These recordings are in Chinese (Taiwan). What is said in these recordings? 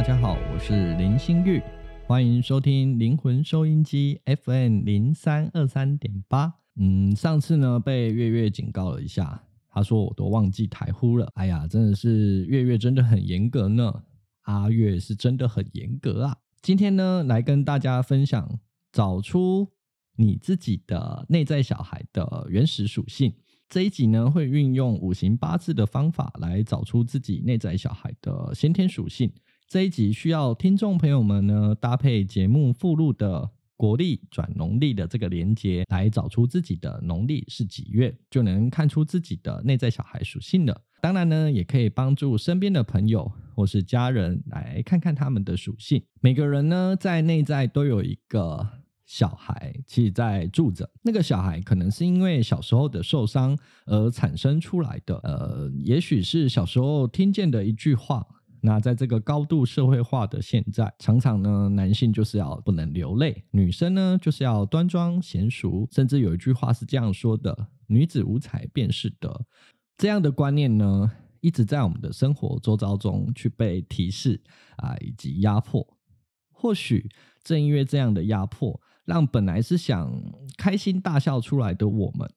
大家好，我是林興裕，歡迎收聽靈魂收音機 FM 零三二三點八。嗯，上次呢被月月警告了一下，她說我都忘記台呼了。哎呀，真的是月月真的很嚴格呢，阿月是真的很嚴格啊。今天呢來跟大家分享找出你自己的內在小孩的原始屬性。這一集呢會運用五行八字的方法來找出自己內在小孩的先天屬性。這一集需要聽眾朋友們呢搭配節目附錄的國曆轉農曆的這個連接，來找出自己的農曆是幾月，就能看出自己的內在小孩屬性了。當然呢，也可以幫助身邊的朋友或是家人來看看他們的屬性。每個人呢，在內在都有一個小孩，其實在住着。那個小孩可能是因為小時候的受傷而產生出來的，呃，也許是小時候聽見的一句話。那在這個高度社會化的現在，常常呢，男性就是要不能流淚，女生呢就是要端莊嫻淑，甚至有一句話是這樣說的：“女子無才便是德。”這樣的觀念呢，一直在我們的生活周遭中去被提示啊、呃，以及壓迫。或許正因為這樣的壓迫，讓本來是想開心大笑出來的我們。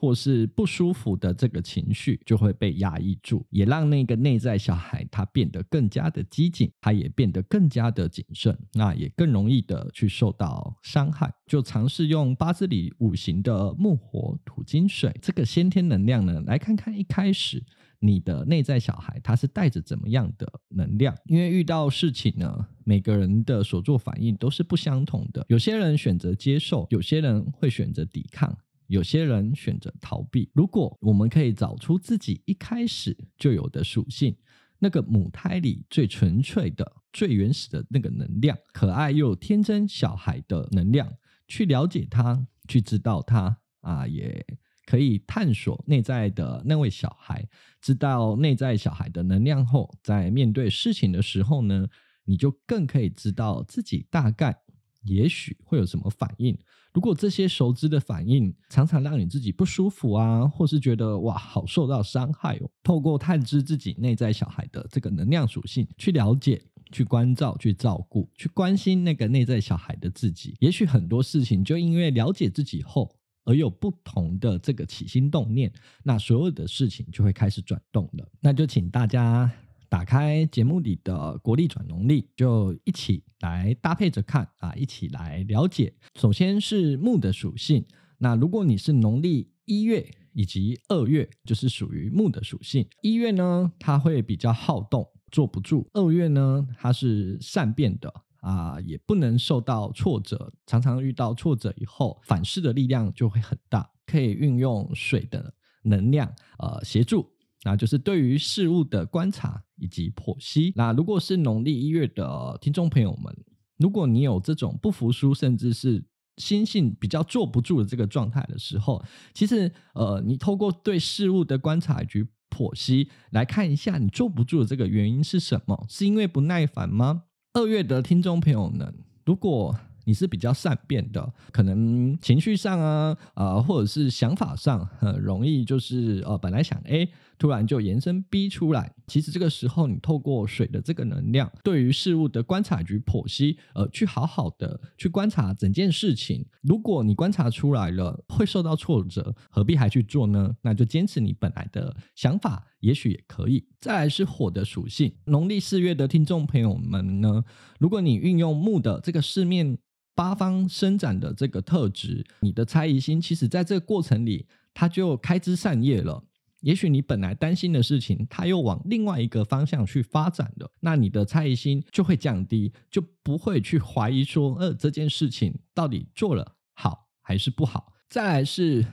或是不舒服的這個情緒就會被壓抑住，也讓那個內在小孩他變得更加的機警，他也變得更加的謹慎，那也更容易的去受到傷害。就嘗試用八字裡五行的木火土金水這個先天能量呢，來看看一開始你的內在小孩他是帶着怎麼樣的能量？因為遇到事情呢，每個人的所做反應都是不相同的，有些人選擇接受，有些人會選擇抵抗。有些人選擇逃避。如果我們可以找出自己一開始就有的屬性，那個母胎裡最純粹的、最原始的那個能量，可愛又天真小孩的能量，去了解他，去知道他啊，也可以探索內在的那位小孩。知道內在小孩的能量後，在面對事情的時候呢，你就更可以知道自己大概也許會有什麼反應。如果這些熟知的反應常常讓你自己不舒服啊，或是覺得哇好受到傷害哦，透過探知自己內在小孩的這個能量屬性，去了解、去關照、去照顧、去關心那個內在小孩的自己，也許很多事情就因為了解自己後而有不同的這個起心動念，那所有的事情就會開始轉動了。那就請大家，打開節目裡的國曆轉農曆，就一起來搭配着看啊，一起來了解。首先是木的屬性。那如果你是農曆一月以及二月，就是屬於木的屬性。一月呢，它會比較好動，坐不住；二月呢，它是善變的啊，也不能受到挫折，常常遇到挫折以後，反噬的力量就會很大，可以運用水的能量呃協助。那就是對於事物的觀察。以及剖析。那如果是農曆一月的聽眾朋友們，如果你有這種不服輸，甚至是心性比較坐不住的這個狀態的時候，其實呃，你透過對事物的觀察與剖析來看一下，你坐不住的這個原因是什麼？是因為不耐煩嗎？二月的聽眾朋友們，如果你是比較善變的，可能情緒上啊啊，呃，或者是想法上很容易就是呃，本來想誒。突然就延伸逼出來，其實這個時候你透過水的這個能量，對於事物的觀察與剖析，呃，去好好的去觀察整件事情。如果你觀察出來了，會受到挫折，何必還去做呢？那就堅持你本來的想法，也許也可以。再來是火的屬性，農曆四月的聽眾朋友們呢，如果你運用木的這個四面八方伸展的這個特質，你的猜疑心，其實在這個過程裡，它就開枝散葉了。也許你本來擔心的事情，它又往另外一個方向去發展了，那你的猜疑心就會降低，就不會去懷疑說，呃，這件事情到底做了好還是不好。再來是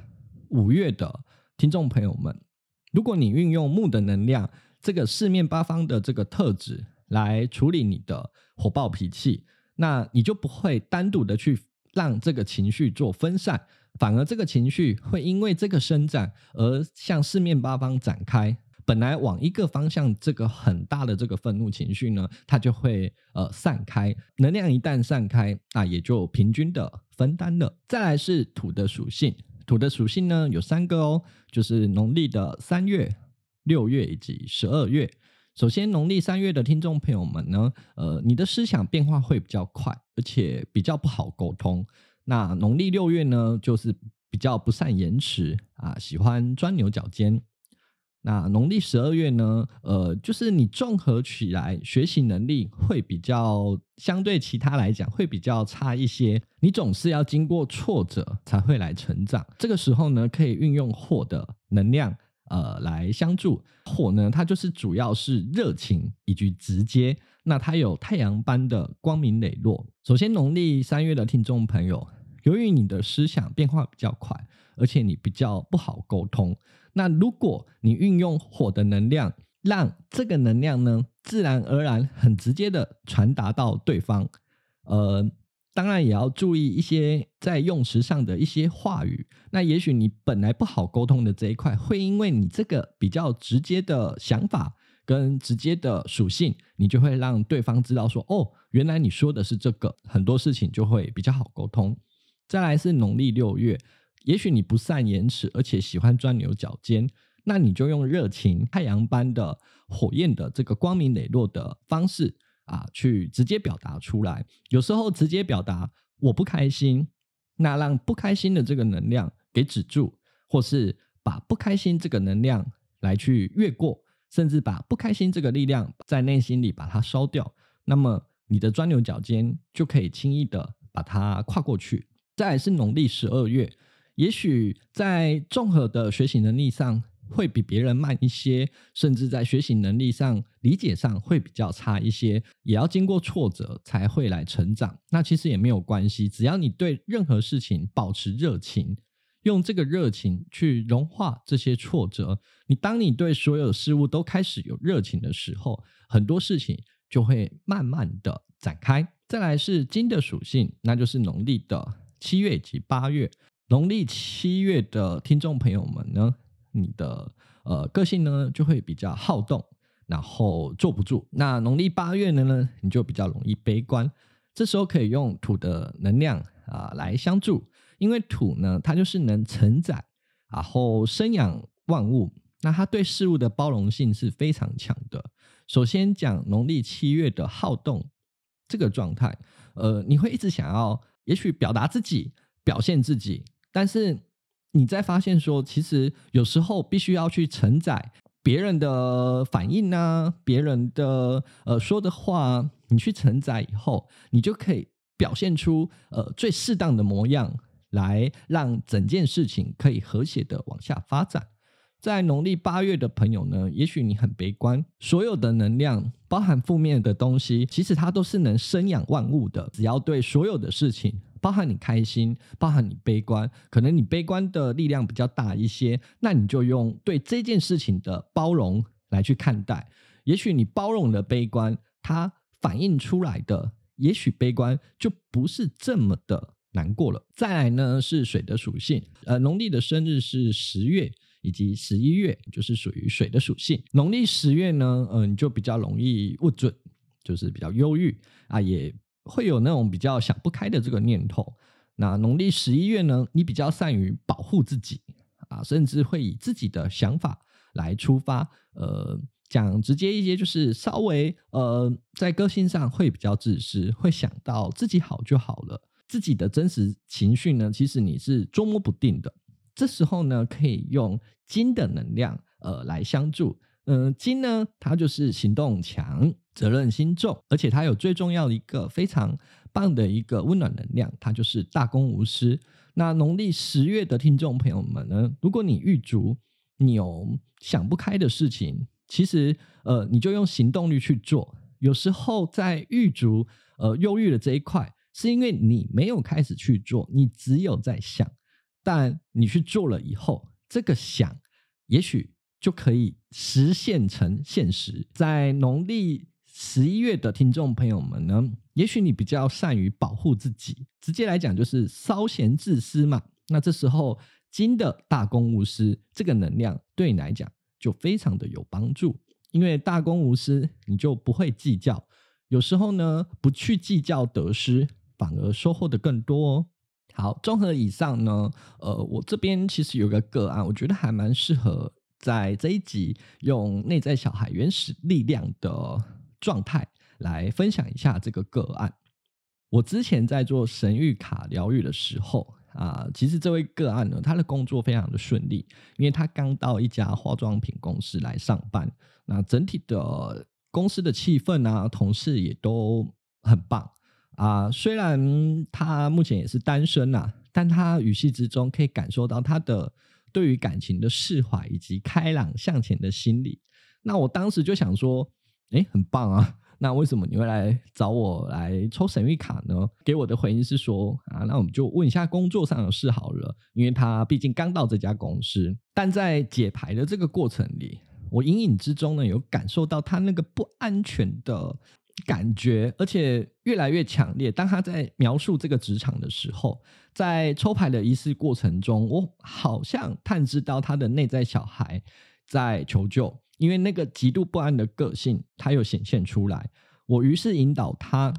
五月的聽眾朋友們，如果你運用木的能量，這個四面八方的這個特質來處理你的火爆脾氣，那你就不會單獨的去讓這個情緒做分散。反而，這個情緒會因為這個伸展而向四面八方展開。本來往一個方向，這個很大的這個憤怒情緒呢，它就會呃散開。能量一旦散開，那也就平均的分擔了。再來是土的屬性，土的屬性呢有三個哦，就是農曆的三月、六月以及十二月。首先，農曆三月的聽眾朋友們呢，呃，你的思想變化會比較快，而且比較不好溝通。那農曆六月呢，就是比較不善言辭啊，喜歡鑽牛角尖。那農曆十二月呢，呃，就是你綜合起來學習能力會比較相對其他來講會比較差一些，你總是要經過挫折才會來成長。這個時候呢，可以運用火的能量，呃，來相助。火呢，它就是主要是熱情以及直接，那它有太陽般的光明磊落。首先，農曆三月的聽眾朋友。由於你的思想變化比較快，而且你比較不好溝通。那如果你運用火的能量，讓這個能量呢，自然而然、很直接的傳達到對方，呃，當然也要注意一些在用詞上的一些話語。那也許你本來不好溝通的這一塊，會因為你這個比較直接的想法跟直接的屬性，你就會讓對方知道說，哦，原來你說的是這個，很多事情就會比較好溝通。再來是農曆六月，也許你不善言辭，而且喜歡鑽牛角尖，那你就用熱情、太陽般的火焰的這個光明磊落的方式啊，去直接表達出來。有時候直接表達我不開心，那讓不開心的這個能量給止住，或是把不開心這個能量來去越過，甚至把不開心這個力量在內心裡把它燒掉，那麼你的鑽牛角尖就可以輕易的把它跨過去。再來是農曆十二月，也許在綜合的學習能力上會比別人慢一些，甚至在學習能力上、理解上會比較差一些，也要經過挫折才會來成長。那其實也沒有關係，只要你對任何事情保持熱情，用這個熱情去融化這些挫折。你當你對所有事物都開始有熱情的時候，很多事情就會慢慢的展開。再來是金的屬性，那就是農曆的。七月及八月，農曆七月的聽眾朋友們呢，你的呃個性呢就會比較好動，然後坐不住。那農曆八月呢呢，你就比較容易悲觀。這時候可以用土的能量啊，呃，來相助，因為土呢它就是能承載，然後生養萬物。那它對事物的包容性是非常強的。首先講農曆七月的好動這個狀態，呃，你會一直想要。也許表達自己，表現自己，但是你在發現說，其實有時候必須要去承載別人的反應吶、啊，別人的呃說的話，你去承載以後，你就可以表現出呃最適當的模樣，來讓整件事情可以和諧的往下發展。在農曆八月的朋友呢，也許你很悲觀，所有的能量包含負面的東西，其實它都是能生養萬物的。只要對所有的事情，包含你開心，包含你悲觀，可能你悲觀的力量比較大一些，那你就用對這件事情的包容來去看待。也許你包容了悲觀，它反映出來的，也許悲觀就不是這麼的難過了。再來呢，是水的屬性，呃，農曆的生日是十月。以及十一月就是屬於水的屬性。農曆十月呢，嗯、呃，你就比較容易誤准，就是比較憂鬱啊，也會有那種比較想不開的這個念頭。那農曆十一月呢，你比較善於保護自己啊，甚至會以自己的想法來出發。呃，講直接一些，就是稍微呃，在個性上會比較自私，會想到自己好就好了。自己的真實情緒呢，其實你是捉摸不定的。這時候呢，可以用金的能量呃來相助。嗯、呃，金呢，它就是行動強、責任心重，而且它有最重要的一個非常棒的一個溫暖能量，它就是大公無私。那農曆十月的聽眾朋友們呢，如果你鬱卒，你有想不開的事情，其實呃，你就用行動力去做。有時候在鬱卒，呃憂鬱的這一塊，是因為你沒有開始去做，你只有在想。但你去做了以後，這個想，也許就可以實現成現實。在農曆十一月的聽眾朋友們呢，也許你比較善於保護自己，直接來講就是稍嫌自私嘛。那這時候金的大公無私這個能量對你來講就非常的有幫助，因為大公無私，你就不會計較。有時候呢，不去計較得失，反而收穫的更多哦。好，綜合以上呢，呃，我這邊其實有個個案，我覺得還蠻適合在這一集用內在小孩原始力量的狀態來分享一下這個個案。我之前在做神諭卡療癒的時候啊，呃，其實這位個案呢，他的工作非常的順利，因為他剛到一家化妝品公司來上班，那整體的公司的氣氛，啊，同事也都很棒。啊，雖然他目前也是單身吶、啊，但他語氣之中可以感受到他的對於感情的釋懷以及開朗向前的心理。那我當時就想說，哎、欸，很棒啊！那為什麼你會來找我來抽神諭卡呢？給我的回應是說，啊，那我們就問一下工作上的事好了，因為他畢竟剛到這家公司。但在解牌的這個過程裡，我隱隱之中呢有感受到他那個不安全的。感覺，而且越來越強烈。當他在描述這個職場的時候，在抽牌的儀式過程中，我好像探知到他的內在小孩在求救，因為那個極度不安的個性，他又顯現出來。我於是引導他，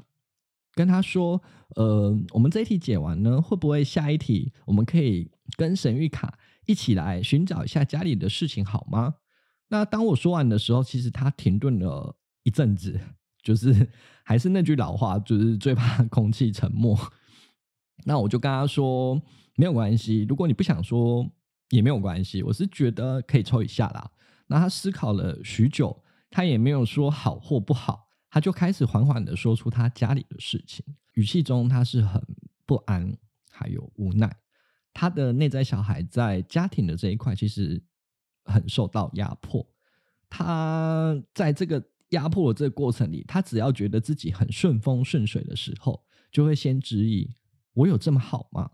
跟他說：“呃，我們這一題解完呢，會不會下一題我們可以跟神諭卡一起來尋找一下家裡的事情好嗎？”那當我說完的時候，其實他停頓了一陣子。就是還是那句老話，就是最怕空氣沉默。那我就跟他說沒有關係，如果你不想說也沒有關係，我是覺得可以抽一下啦。那他思考了許久，他也沒有說好或不好，他就開始緩緩的說出他家裡的事情，語氣中他是很不安，還有無奈。他的內在小孩在家庭的這一塊其實很受到壓迫，他在這個。壓迫的這個過程裡，他只要覺得自己很順風順水的時候，就會先質疑：我有這麼好嗎？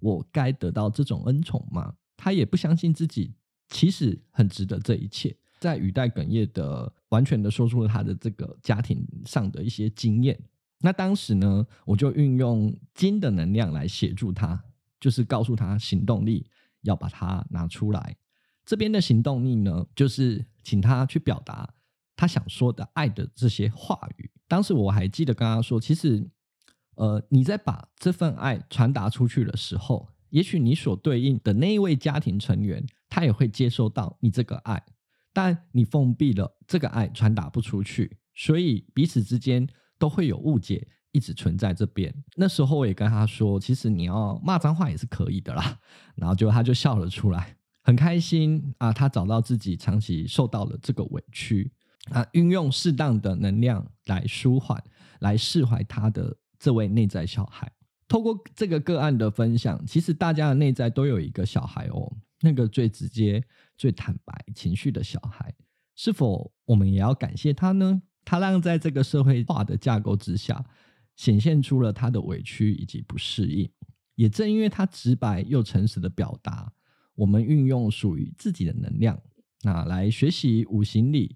我該得到這種恩寵嗎？他也不相信自己其實很值得這一切。在語帶哽咽的完全的說出了他的這個家庭上的一些經驗。那當時呢，我就運用金的能量來協助他，就是告訴他行動力要把它拿出來。這邊的行動力呢，就是請他去表達。他想說的愛的這些話語，當時我還記得跟他說，其實，呃，你在把這份愛傳達出去的時候，也許你所對應的那一位家庭成員，他也會接收到你這個愛，但你封閉了這個愛，傳達不出去，所以彼此之間都會有誤解一直存在這邊。那時候我也跟他說，其實你要罵髒話也是可以的啦。然後就他就笑了出來，很開心啊，他找到自己長期受到了這個委屈。啊，運用適當的能量來舒緩、來釋懷他的這位內在小孩。透過這個個案的分享，其實大家的內在都有一個小孩哦，那個最直接、最坦白情緒的小孩，是否我們也要感謝他呢？他讓在這個社會化的架構之下，顯現出了他的委屈以及不適應。也正因為他直白又誠實的表達，我們運用屬於自己的能量，啊，來學習五行裡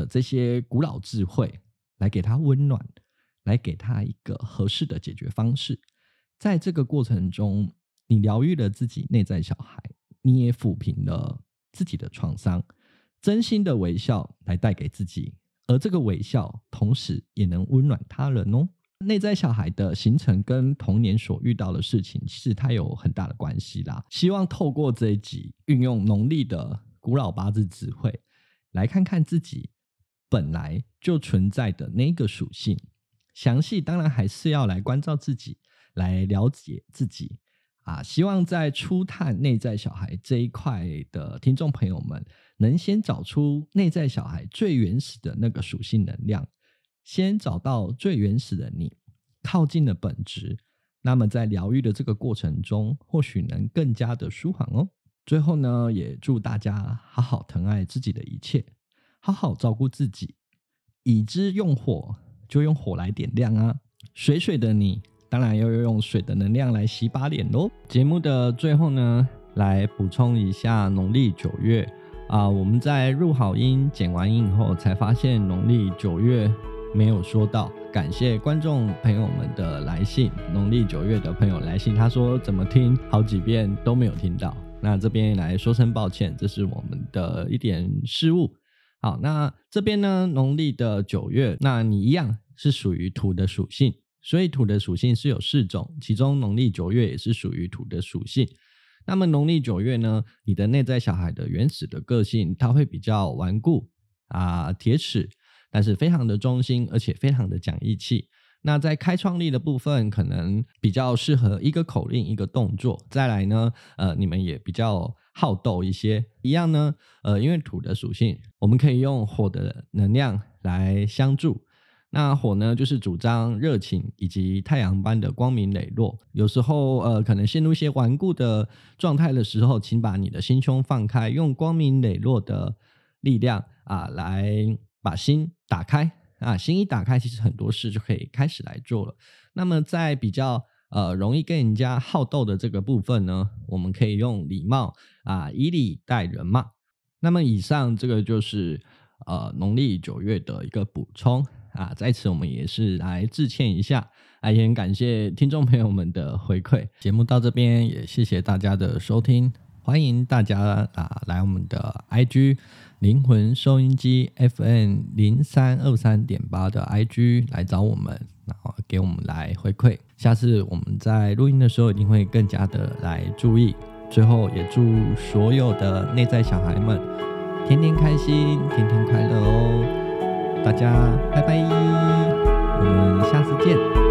的這些古老智慧，來給他溫暖，來給他一個合適的解決方式。在這個過程中，你療癒了自己內在小孩，你也撫平了自己的創傷。真心的微笑來帶給自己，而這個微笑同時也能溫暖他人哦。內在小孩的形成跟童年所遇到的事情，其實它有很大的關係啦。希望透過這一集，運用農曆的古老八字智慧，來看看自己。本來就存在的那個屬性，詳細當然還是要來觀照自己，來了解自己啊。希望在初探內在小孩這一塊的聽眾朋友們，能先找出內在小孩最原始的那個屬性能量，先找到最原始的你，靠近的本質。那麼在療癒的這個過程中，或許能更加的舒緩哦。最後呢，也祝大家好好疼愛自己的一切。好好照顧自己。已知用火，就用火來點亮啊。水水的你，當然要用水的能量來洗把臉咯。節目的最後呢，來補充一下農曆九月啊，呃，我們在錄好音、剪完音以後，才發現農曆九月沒有說到。感謝觀眾朋友們的來信，農曆九月的朋友來信，他說怎麼聽好幾遍都沒有聽到。那這邊來說聲抱歉，這是我們的一點失誤。好，那這邊呢，農曆的九月，那你一樣是屬於土的屬性，所以土的屬性是有四種，其中農曆九月也是屬於土的屬性。那麼農曆九月呢，你的內在小孩的原始的個性，他會比較頑固啊，鐵齒，但是非常的忠心，而且非常的講義氣。那在開創力的部分，可能比較適合一個口令一個動作。再來呢，呃，你們也比較。好鬥一些，一樣呢，呃，因為土的屬性，我們可以用火的能量來相助。那火呢，就是主張熱情以及太陽般的光明磊落。有時候，呃，可能陷入一些頑固的狀態的時候，請把你的心胸放開，用光明磊落的力量啊，來把心打開啊。心一打開，其實很多事就可以開始來做了。那麼，在比較。呃，容易跟人家好鬥的這個部分呢，我們可以用禮貌啊，以禮待人嘛。那麼以上這個就是呃農曆九月的一個補充啊，在此我們也是來致歉一下，啊，也很感謝聽眾朋友們的回饋。節目到這邊，也謝謝大家的收聽，歡迎大家啊來我們的 IG 靈魂收音機 FM 零三二三點八的 IG 來找我們。然後給我們來回饋，下次我們在錄音的時候一定會更加的來注意。最後也祝所有的內在小孩們天天開心，天天快樂哦！大家拜拜，我們下次見。